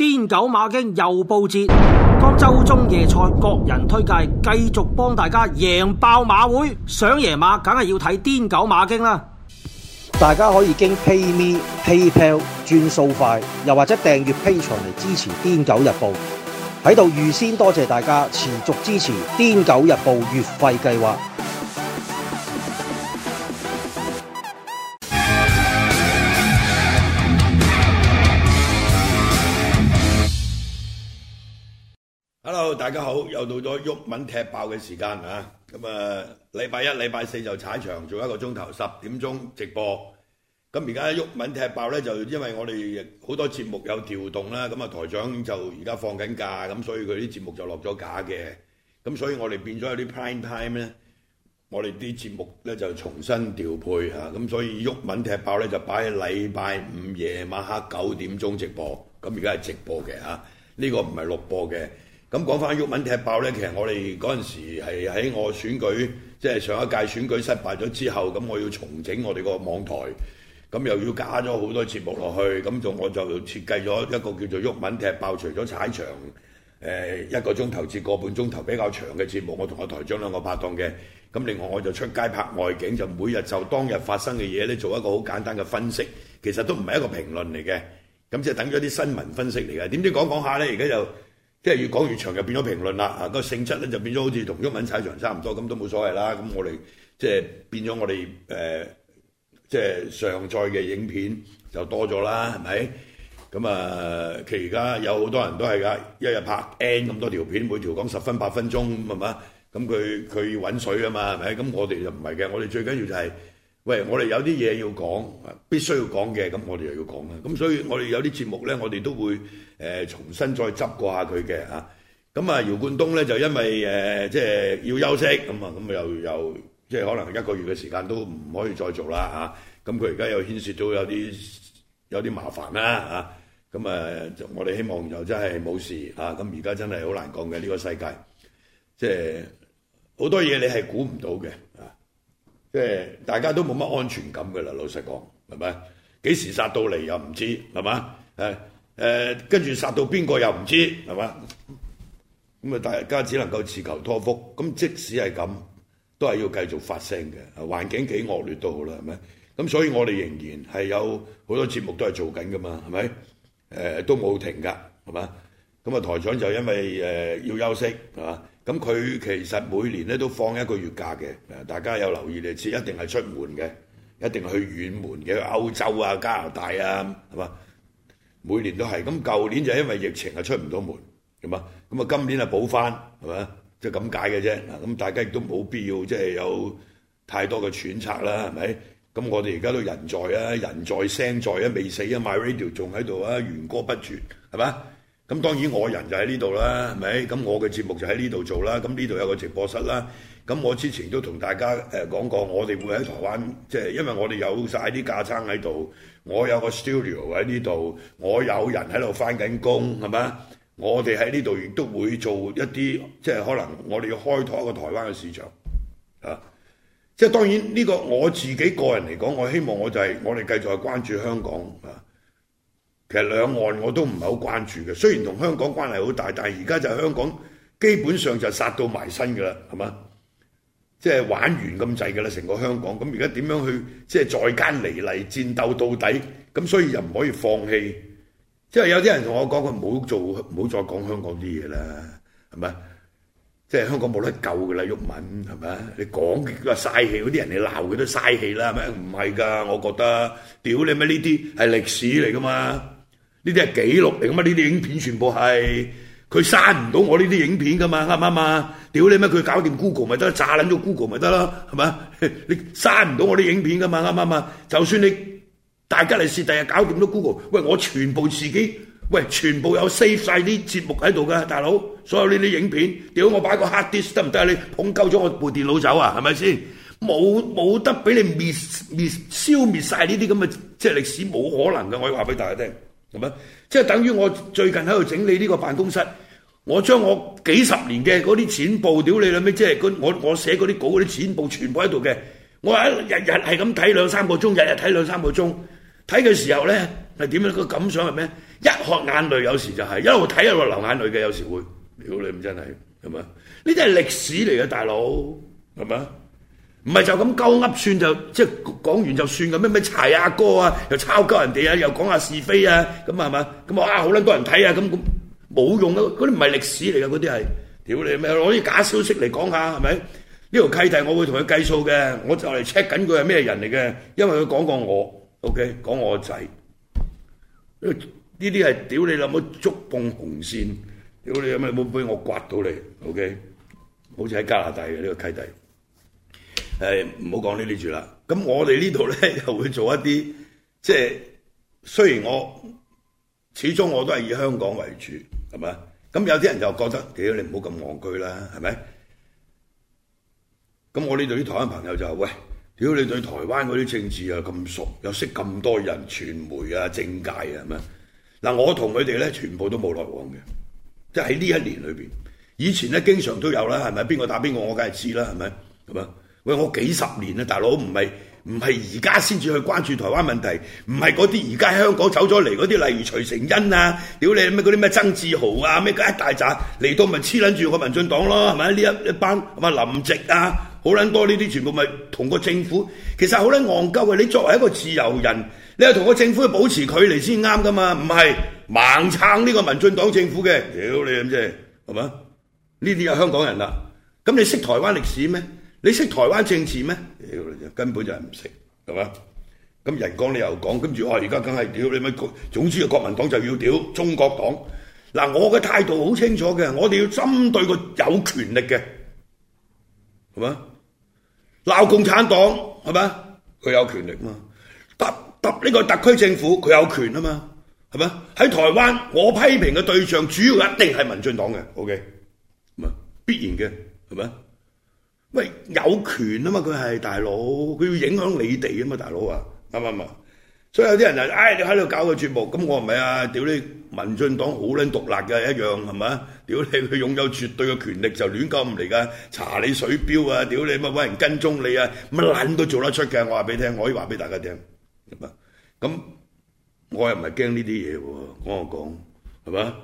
癲狗馬經又報捷，當周中夜賽各人推介繼續幫大家贏爆馬會，想贏馬梗係要睇癲狗馬經啦！大家可以經 PayMe PayPal 轉數快，又或者訂閱 Patreon 嚟支持癲狗日報，喺度預先多謝大家持續支持癲狗日報月費計劃。大家好，又到咗毓民踢爆嘅時間啊！咁啊，呃、禮拜一、禮拜四就踩場做一個鐘頭，十點鐘直播。咁而家毓民踢爆呢，就因為我哋好多節目有調動啦，咁啊台長就而家放緊假，咁所以佢啲節目就落咗架嘅。咁所以我哋變咗有啲 prime time 呢，我哋啲節目呢就重新調配啊。咁所以毓民踢爆呢，就擺喺禮拜五夜晚黑九點鐘直播。咁而家係直播嘅啊，呢、呢個唔係錄播嘅。咁講翻《鬱文踢爆》呢，其實我哋嗰陣時係喺我選舉，即、就、係、是、上一屆選舉失敗咗之後，咁我要重整我哋個網台，咁又要加咗好多節目落去，咁就我就設計咗一個叫做《鬱文踢爆》，除咗踩場，誒一個鐘頭至個半鐘頭比較長嘅節目，我同我台長兩個拍檔嘅，咁另外我就出街拍外景，就每日就當日發生嘅嘢呢，做一個好簡單嘅分析，其實都唔係一個評論嚟嘅，咁即係等咗啲新聞分析嚟嘅，點知講一講一下呢，而家就。即係越講越長就變咗評論啦，啊個性質咧就變咗好似同毓民踩場差唔多，咁都冇所謂啦。咁我哋即係變咗我哋誒，即係上載嘅影片就多咗啦，係咪？咁啊，其實而家有好多人都係㗎，一日拍 N 咁多條片，每條講十分八分鐘，咁係咪？咁佢佢要揾水啊嘛，係咪？咁我哋就唔係嘅，我哋最緊要就係。喂，我哋有啲嘢要講，必須要講嘅，咁我哋又要講啦。咁所以我哋有啲節目呢，我哋都會誒重新再執過下佢嘅嚇。咁啊，姚冠東呢，就因為誒即係要休息，咁啊咁又又即係可能一個月嘅時間都唔可以再做啦嚇。咁佢而家又牽涉到有啲有啲麻煩啦嚇。咁啊，啊，我哋希望又真係冇事嚇。咁而家真係好難講嘅呢個世界，即係好多嘢你係估唔到嘅。即係大家都冇乜安全感嘅啦，老實講，係咪？幾時殺到嚟又唔知，係嘛？誒誒，跟住殺到邊個又唔知，係嘛？咁啊，大家只能夠自求多福。咁即使係咁，都係要繼續發聲嘅。環境幾惡劣都好啦，係咪？咁所以我哋仍然係有好多節目都係做緊嘅嘛，係咪？誒都冇停㗎，係嘛？咁啊，台長就因為誒要休息，係嘛？咁佢其實每年咧都放一個月假嘅，誒，大家有留意你知，一定係出門嘅，一定係去遠門嘅，去歐洲啊、加拿大啊，係嘛？每年都係，咁舊年就因為疫情係出唔到門，係嘛？咁啊，今年啊補翻，係嘛？即係咁解嘅啫，咁大家亦都冇必要即係有太多嘅揣測啦，係咪？咁我哋而家都人在啊，人在聲在啊，未死啊，My Radio 仲喺度啊，弦歌不絕，係嘛？咁當然我人就喺呢度啦，係咪？咁我嘅節目就喺呢度做啦。咁呢度有個直播室啦。咁我之前都同大家誒講過，我哋會喺台灣，即係因為我哋有晒啲架撐喺度。我有個 studio 喺呢度，我有人喺度翻緊工，係咪？我哋喺呢度亦都會做一啲，即係可能我哋要開拓一個台灣嘅市場啊。即係當然呢個我自己個人嚟講，我希望我就係我哋繼續係關注香港啊。其實兩岸我都唔係好關注嘅，雖然同香港關係好大，但係而家就香港基本上就殺到埋身噶啦，係嘛？即係玩完咁滯噶啦，成個香港咁而家點樣去即係再間離離戰鬥到底？咁所以又唔可以放棄。即係有啲人同我講，佢唔好做，唔好再講香港啲嘢啦，係咪？即係香港冇得救噶啦，毓民，係咪？你講啊嘥氣，嗰啲人你鬧佢都嘥氣啦，係咪？唔係噶？我覺得屌你咩呢啲係歷史嚟噶嘛？呢啲係記錄嚟噶嘛？呢啲影片全部係佢刪唔到我呢啲影片噶嘛？啱唔啱啊？屌你咩？佢搞掂 Google 咪得，炸撚咗 Google 咪得咯？係咪啊？你刪唔到我啲影片噶嘛？啱唔啱啊？就算你大家嚟試，第日，日搞掂咗 Google，喂，我全部自己，喂，全部有 save 晒啲節目喺度噶，大佬，所有呢啲影片，屌我擺個 hard disk 得唔得啊？你捧鳩咗我部電腦走啊？係咪先？冇冇得俾你滅滅消滅晒呢啲咁嘅即係歷史，冇可能㗎。我要話俾大家聽。係咪？即係等於我最近喺度整理呢個辦公室，我將我幾十年嘅嗰啲剪報屌你諗咩？即係我我寫嗰啲稿嗰啲剪報全部喺度嘅。我喺日日係咁睇兩三個鐘，日日睇兩三個鐘。睇嘅時候咧係點樣？個感想係咩？一學眼淚，有時就係、是、一路睇一路流眼淚嘅，有時會屌你咁真係係咪？呢啲係歷史嚟嘅，大佬係咪？是唔係就咁鳩噏算，就即係講完就算嘅，咩咩柴阿哥啊，又抄鳩人哋啊，又講下是非啊，咁係嘛，咁啊啊好撚多人睇啊，咁咁冇用啊，嗰啲唔係歷史嚟噶，嗰啲係屌你，咪攞啲假消息嚟講下係咪？呢條契弟，我會同佢計數嘅，我就嚟 check 緊佢係咩人嚟嘅。因為佢講過我 ok 講我個仔，呢啲係屌你老母觸碰紅線，屌你有咩冇俾我刮到你 ok，好似喺加拿大嘅呢個契弟。誒唔好講呢啲住啦，咁我哋呢度咧又會做一啲即係雖然我始終我都係以香港為主，係咪？咁有啲人就覺得，屌你唔好咁戇居啦，係咪？咁我呢度啲台灣朋友就喂，屌你對台灣嗰啲政治又咁熟，又識咁多人、傳媒啊、政界啊，係咪？嗱，我同佢哋咧全部都冇來往嘅，即係喺呢一年裏邊，以前咧經常都有啦，係咪？邊個打邊個，我梗係知啦，係咪？係咪？我幾十年啦，大佬唔係唔係而家先至去關注台灣問題，唔係嗰啲而家香港走咗嚟嗰啲，例如徐承恩啊，屌你咩嗰啲咩曾志豪啊，咩一大紮嚟到咪黐捻住個民進黨咯，係咪呢一一班，係嘛？林夕啊，好撚多呢啲全部咪同個政府，其實好撚戇鳩啊！你作為一個自由人，你係同個政府去保持距離先啱噶嘛？唔係盲撐呢個民進黨政府嘅，屌你咁啫，係，係嘛？呢啲係香港人啊，咁你識台灣歷史咩？你識台灣政治咩？根本就係唔識，係嘛？咁人講你又講，跟住我而家梗係屌你咪總總之啊，國民黨就要屌中國黨。嗱，我嘅態度好清楚嘅，我哋要針對個有權力嘅，係嘛？鬧共產黨係嘛？佢有權力嘛？特特呢個特區政府佢有權啊嘛？係嘛？喺台灣，我批評嘅對象主要一定係民進黨嘅，OK，唔係必然嘅，係咪？咪有權啊嘛，佢係大佬，佢要影響你哋啊嘛，大佬啊，啱唔啱啊？所以有啲人就，唉、哎，你喺度搞個節目。咁我唔係啊，屌你！民進黨好撚獨立嘅一樣，係咪？屌你，佢擁有絕對嘅權力就亂咁嚟噶，查你水表啊，屌你乜揾人跟蹤你啊，乜撚都做得出嘅，我話俾你聽，我可以話俾大家聽，咁啊，咁我又唔係驚呢啲嘢喎，我講係嘛？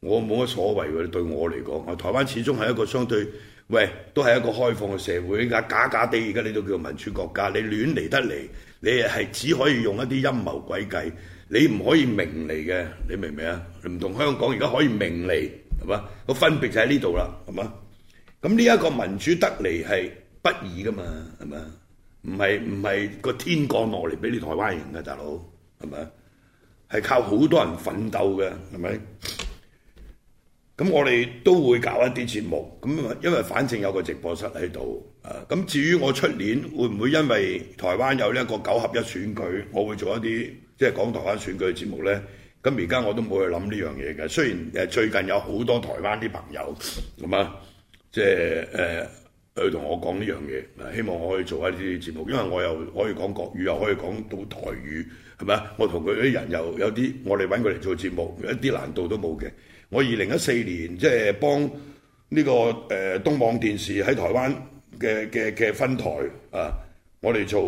我冇乜所謂嘅，對我嚟講，台灣始終係一個相對，喂，都係一個開放嘅社會，而家假假地，而家呢度叫民主國家，你亂嚟得嚟，你係只可以用一啲陰謀詭計，你唔可以明嚟嘅，你明唔明啊？唔同香港而家可以明嚟，係嘛？個分別就喺呢度啦，係嘛？咁呢一個民主得嚟係不易噶嘛，係嘛？唔係唔係個天降落嚟俾你台灣人嘅大佬，係咪？係靠好多人奮鬥嘅，係咪？咁我哋都會搞一啲節目，咁因為反正有個直播室喺度啊。咁至於我出年會唔會因為台灣有呢一個九合一選舉，我會做一啲即係講台灣選舉嘅節目呢？咁而家我都冇去諗呢樣嘢嘅。雖然誒最近有好多台灣啲朋友咁啊，即係誒去同我講呢樣嘢，希望我可以做一啲節目，因為我又可以講國語，又可以講到台語，係咪啊？我同佢啲人又有啲我哋揾佢嚟做節目，一啲難度都冇嘅。我二零一四年即係幫呢個誒東網電視喺台灣嘅嘅嘅分台啊，我哋做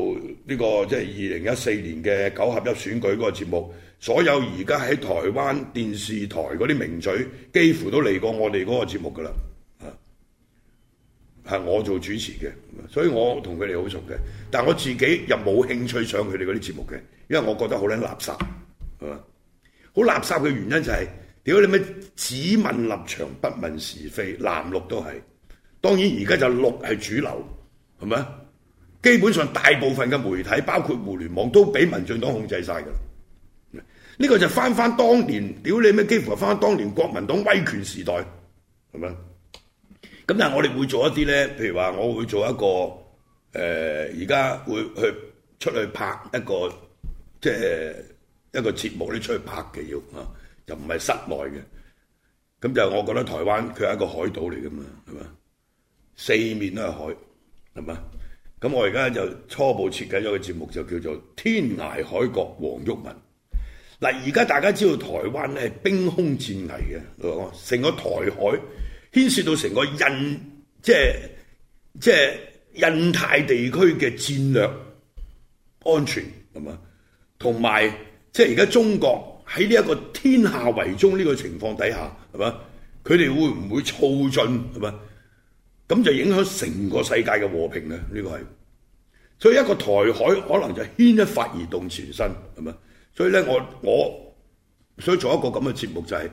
呢個即係二零一四年嘅九合一選舉嗰個節目，所有而家喺台灣電視台嗰啲名嘴幾乎都嚟過我哋嗰個節目㗎啦，啊係我做主持嘅，所以我同佢哋好熟嘅，但係我自己又冇興趣上佢哋嗰啲節目嘅，因為我覺得好撚垃圾，係好垃圾嘅原因就係、是。屌你咩只問立場不問是非，藍綠都係。當然而家就是綠係主流，係咪啊？基本上大部分嘅媒體，包括互聯網，都俾民進黨控制晒㗎。呢、這個就翻翻當年，屌你咩？幾乎翻翻當年國民黨威權時代，係咪？咁但係我哋會做一啲咧，譬如話，我會做一個誒，而、呃、家會去出去拍一個即係、呃、一個節目，啲出去拍嘅要啊。就唔係室內嘅，咁就我覺得台灣佢係一個海島嚟噶嘛，係嘛？四面都係海，係嘛？咁我而家就初步設計咗個節目，就叫做《天涯海角黃毓民》。嗱，而家大家知道台灣咧係兵凶戰危嘅，成個台海牽涉到成個印，即係即係印太地區嘅戰略安全，係嘛？同埋即係而家中國。喺呢一個天下為中呢個情況底下，係嘛？佢哋會唔會促進，係嘛？咁就影響成個世界嘅和平啊！呢個係，所以一個台海可能就牽一發而動全身係嘛？所以咧，我我所以做一個咁嘅節目就係，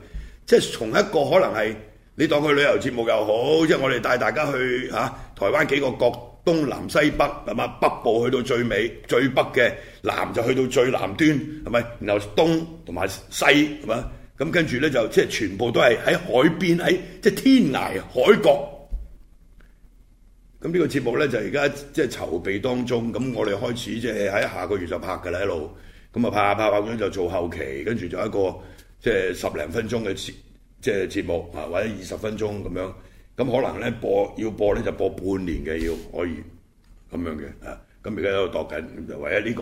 即係從一個可能係你當佢旅遊節目又好，即係我哋帶大家去啊台灣幾個國。東南西北，係嘛？北部去到最尾，最北嘅南就去到最南端，係咪？然後東同埋西，係嘛？咁跟住咧就即係、就是、全部都係喺海邊，喺即係天涯海角。咁呢個節目咧就而家即係籌備當中，咁我哋開始即係喺下個月就拍㗎喇，一路咁啊，拍啊拍，咁樣就做後期，跟住就一個即係、就是、十零分鐘嘅節，即係節目啊，或者二十分鐘咁樣。咁可能咧播要播咧就播半年嘅，要可以咁樣嘅啊。咁而家喺度度緊，就為咗呢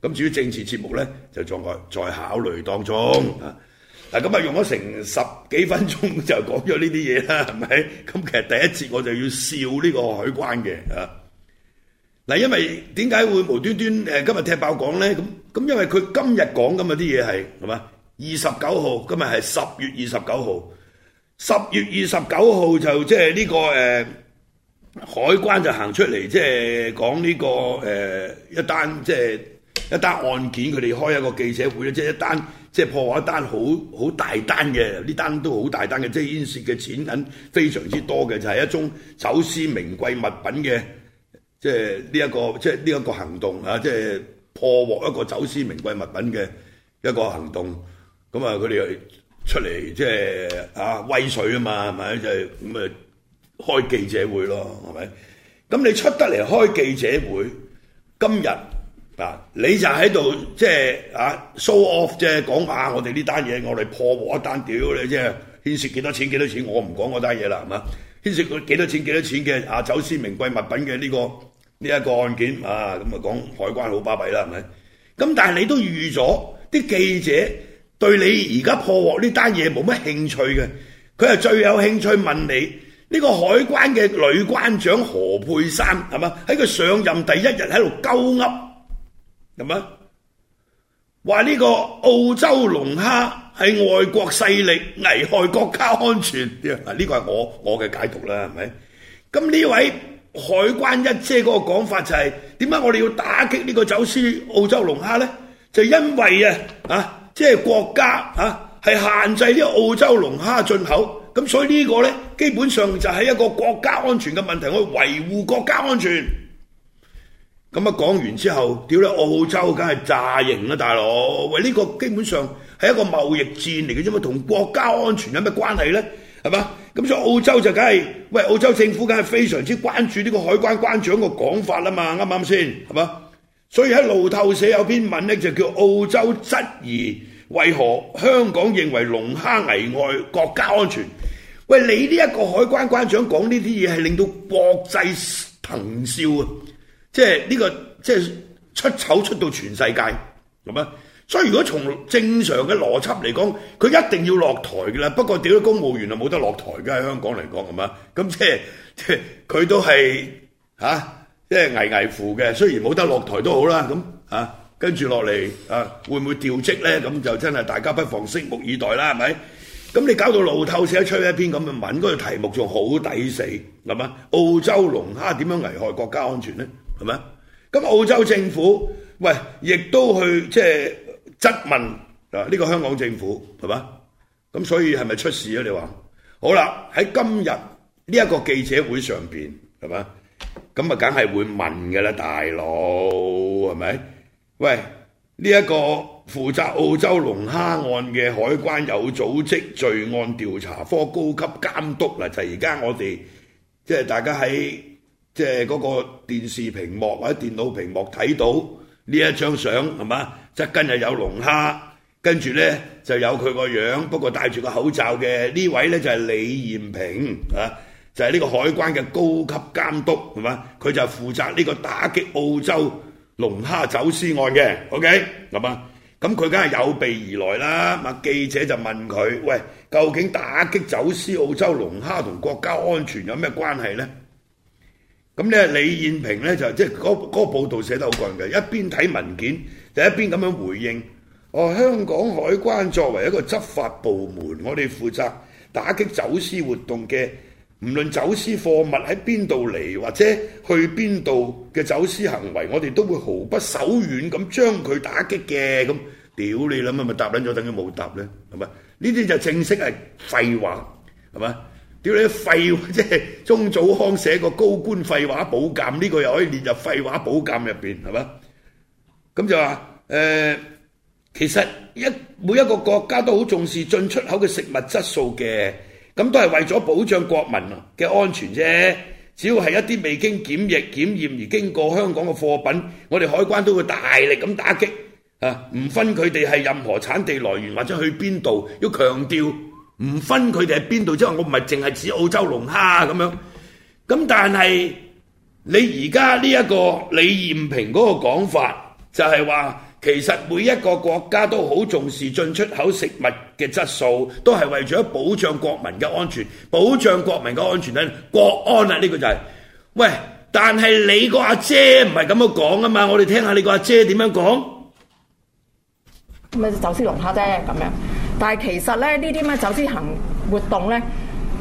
個。咁至於政治節目咧，就再再考慮當中啊。嗱咁啊，用咗成十幾分鐘就講咗呢啲嘢啦，係咪？咁其實第一節我就要笑呢個海關嘅啊。嗱，因為點解會無端端誒今日踢爆講咧？咁咁因為佢今日講咁啊啲嘢係，係嘛？二十九號，今日係十月二十九號。十月二十九號就即係呢個誒、呃、海關就行出嚟，即係講呢個誒、呃、一單即係、就是、一單案件，佢哋開一個記者會咧，即、就、係、是、一單即係、就是、破獲一單好好大單嘅，呢單都好大單嘅，即係牽涉嘅錢銀非常之多嘅，就係、是、一宗走私名貴物品嘅，即係呢一個即係呢一個行動啊，即、就、係、是、破獲一個走私名貴物品嘅一個行動，咁啊佢哋。出嚟即係啊威水啊嘛，係咪就係咁啊開記者會咯，係咪？咁你出得嚟開記者會，今日嗱、啊、你就喺度即係啊 show off 啫，講下我哋呢單嘢，我哋破獲一單屌你即係牽涉幾多錢幾多錢，我唔講嗰單嘢啦，係嘛？牽涉佢幾多錢幾多錢嘅啊走私名貴物品嘅呢個呢一個案件啊，咁啊講海關好巴閉啦，係咪？咁但係你都預咗啲記者。對你而家破獲呢單嘢冇乜興趣嘅，佢係最有興趣問你呢個海關嘅女關長何珮珊係嘛？喺佢上任第一日喺度鳩噏，係嘛？話呢個澳洲龍蝦係外國勢力危害國家安全，啊呢個係我我嘅解讀啦，係咪？咁呢位海關一姐嗰個講法就係點解我哋要打擊呢個走私澳洲龍蝦咧？就因為啊啊！即係國家啊，係限制啲澳洲龍蝦進口，咁所以呢個咧，基本上就係一個國家安全嘅問題，去維護國家安全。咁啊，講完之後，屌你澳洲，梗係炸營啦，大佬！喂，呢個基本上係一個貿易戰嚟嘅，啫嘛，同國家安全有咩關係咧？係嘛？咁所以澳洲就梗係，喂，澳洲政府梗係非常之關注呢個海關關長個講法啦嘛，啱唔啱先？係嘛？所以喺路透社有篇文咧，就叫澳洲質疑為何香港認為龍蝦危害國家安全。喂，你呢一個海關關長講呢啲嘢係令到國際騰笑啊！即係呢個即係出醜出到全世界咁啊！所以如果從正常嘅邏輯嚟講，佢一定要落台㗎啦。不過屌啲公務員啊，冇得落台嘅，喺香港嚟講，係嘛？咁即係，即係，佢都係吓。即係危危乎嘅，雖然冇得落台都好啦，咁啊跟住落嚟，啊，會唔會調職呢？咁就真係大家不妨拭目以待啦，係咪？咁你搞到路透社出一篇咁嘅文，嗰個題目仲好抵死，係嘛？澳洲龍蝦點樣危害國家安全呢？係咪？咁澳洲政府喂，亦都去即係質問啊呢個香港政府，係嘛？咁所以係咪出事啊？你話好啦，喺今日呢一個記者會上邊，係嘛？咁啊，梗係會問噶啦，大佬係咪？喂，呢一個負責澳洲龍蝦案嘅海關有組織罪案調查科高級監督啦，就而家我哋即係大家喺即係嗰個電視屏幕或者電腦屏幕睇到呢一張相係嘛，即係跟日有龍蝦，跟住呢就有佢個樣，不過戴住個口罩嘅呢位呢，就係李艷平啊。就係呢個海關嘅高級監督係嘛？佢就負責呢個打擊澳洲龍蝦走私案嘅，OK，係嘛？咁佢梗係有備而來啦。咁記者就問佢，喂，究竟打擊走私澳洲龍蝦同國家安全有咩關係呢？咁呢，李燕平呢就即係嗰嗰個報道寫得好勁嘅，一邊睇文件，就一邊咁樣回應，哦，香港海關作為一個執法部門，我哋負責打擊走私活動嘅。唔無論走私貨物喺邊度嚟，或者去邊度嘅走私行為，我哋都會毫不手軟咁將佢打擊嘅咁。屌你諗下咪答捻咗等於冇答咧，係嘛？呢啲就正式係廢話，係嘛？屌你廢話，即係鍾祖康寫個高官廢話寶鑑，呢個又可以列入廢話寶鑑入邊，係嘛？咁就話誒，其實一每一個國家都好重視進出口嘅食物質素嘅。咁都係為咗保障國民嘅安全啫，只要係一啲未經檢疫檢驗而經過香港嘅貨品，我哋海關都會大力咁打擊啊！唔分佢哋係任何產地來源或者去邊度，要強調唔分佢哋係邊度，即係我唔係淨係指澳洲龍蝦咁樣。咁但係你而家呢一個李燕平嗰個講法，就係話。其實每一個國家都好重視進出口食物嘅質素，都係為咗保障國民嘅安全，保障國民嘅安全咧，國安啊！呢、這個就係、是、喂，但係你個阿姐唔係咁樣講啊嘛，我哋聽下你個阿姐點樣講，咁啊走私龍蝦啫咁樣，但係其實咧呢啲咩走私行活動呢，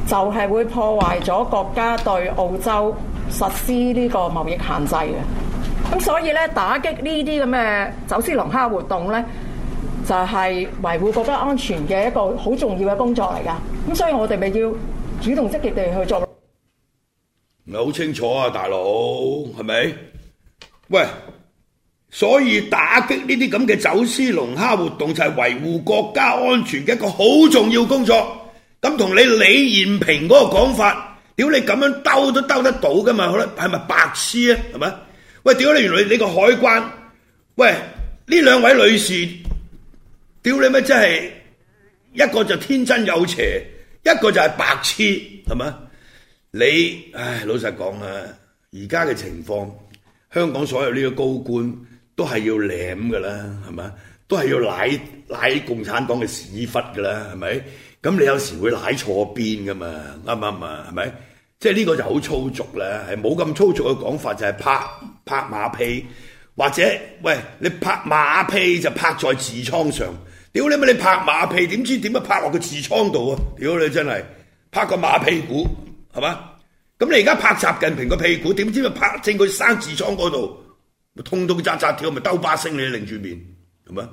就係、是、會破壞咗國家對澳洲實施呢個貿易限制嘅。咁所以咧，打擊呢啲咁嘅走私龍蝦活動咧，就係維護國家安全嘅一個好重要嘅工作嚟噶。咁所以我哋咪要主動積極地去做。唔係好清楚啊，大佬係咪？喂，所以打擊呢啲咁嘅走私龍蝦活動就係維護國家安全嘅一個好重要工作。咁同你李延平嗰個講法，屌你咁樣兜都兜得到噶嘛？係咪白痴啊？係咪？喂，屌你！原來你個海關，喂呢兩位女士，屌你咩真係一個就天真有邪，一個就係白痴，係嘛？你唉，老實講啊，而家嘅情況，香港所有呢個高官都係要舐噶啦，係嘛？都係要舐舐共產黨嘅屎忽噶啦，係咪？咁你有時會舐錯邊噶嘛？啱唔啱啊？係咪？即係呢個就好粗俗啦，係冇咁粗俗嘅講法就係啪。拍馬屁，或者喂你拍馬屁就拍在痔瘡上，屌你，咪你拍馬屁點知點樣拍落個痔瘡度啊！屌你，真係拍個馬屁股係嘛？咁你而家拍習近平個屁股，點知咪拍正佢生痔瘡嗰度，痛痛扎扎跳，咪兜巴星你，擰住面係嘛？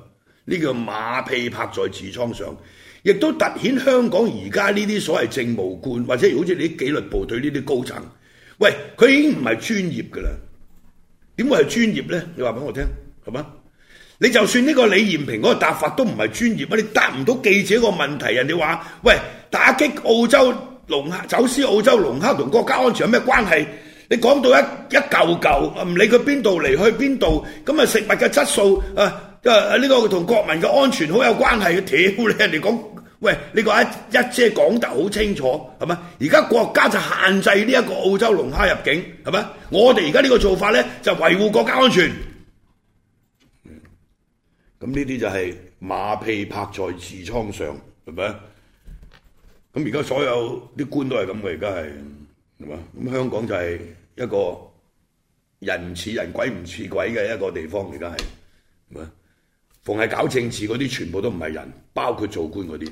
呢個馬屁拍在痔瘡上，亦都突顯香港而家呢啲所謂政務官，或者好似你啲紀律部隊呢啲高層，喂佢已經唔係專業噶啦。點會係專業呢？你話俾我聽，好嘛？你就算呢個李延平嗰個答法都唔係專業，你答唔到記者個問題，人哋話：喂，打擊澳洲龍蝦走私澳洲龍蝦同國家安全有咩關係？你講到一一嚿嚿，唔理佢邊度嚟，去邊度咁啊？食物嘅質素啊，呢、呃呢個同國民嘅安全好有關係嘅。屌你人哋講！喂，你、呢個一姐講得好清楚，係咪？而家國家就限制呢一個澳洲龍蝦入境，係咪？我哋而家呢個做法咧，就維護國家安全。咁呢啲就係馬屁拍在痔瘡上，係咪？咁而家所有啲官都係咁嘅，而家係係嘛？咁香港就係一個人似人鬼唔似鬼嘅一個地方，而家係係嘛？逢係搞政治嗰啲，全部都唔係人，包括做官嗰啲。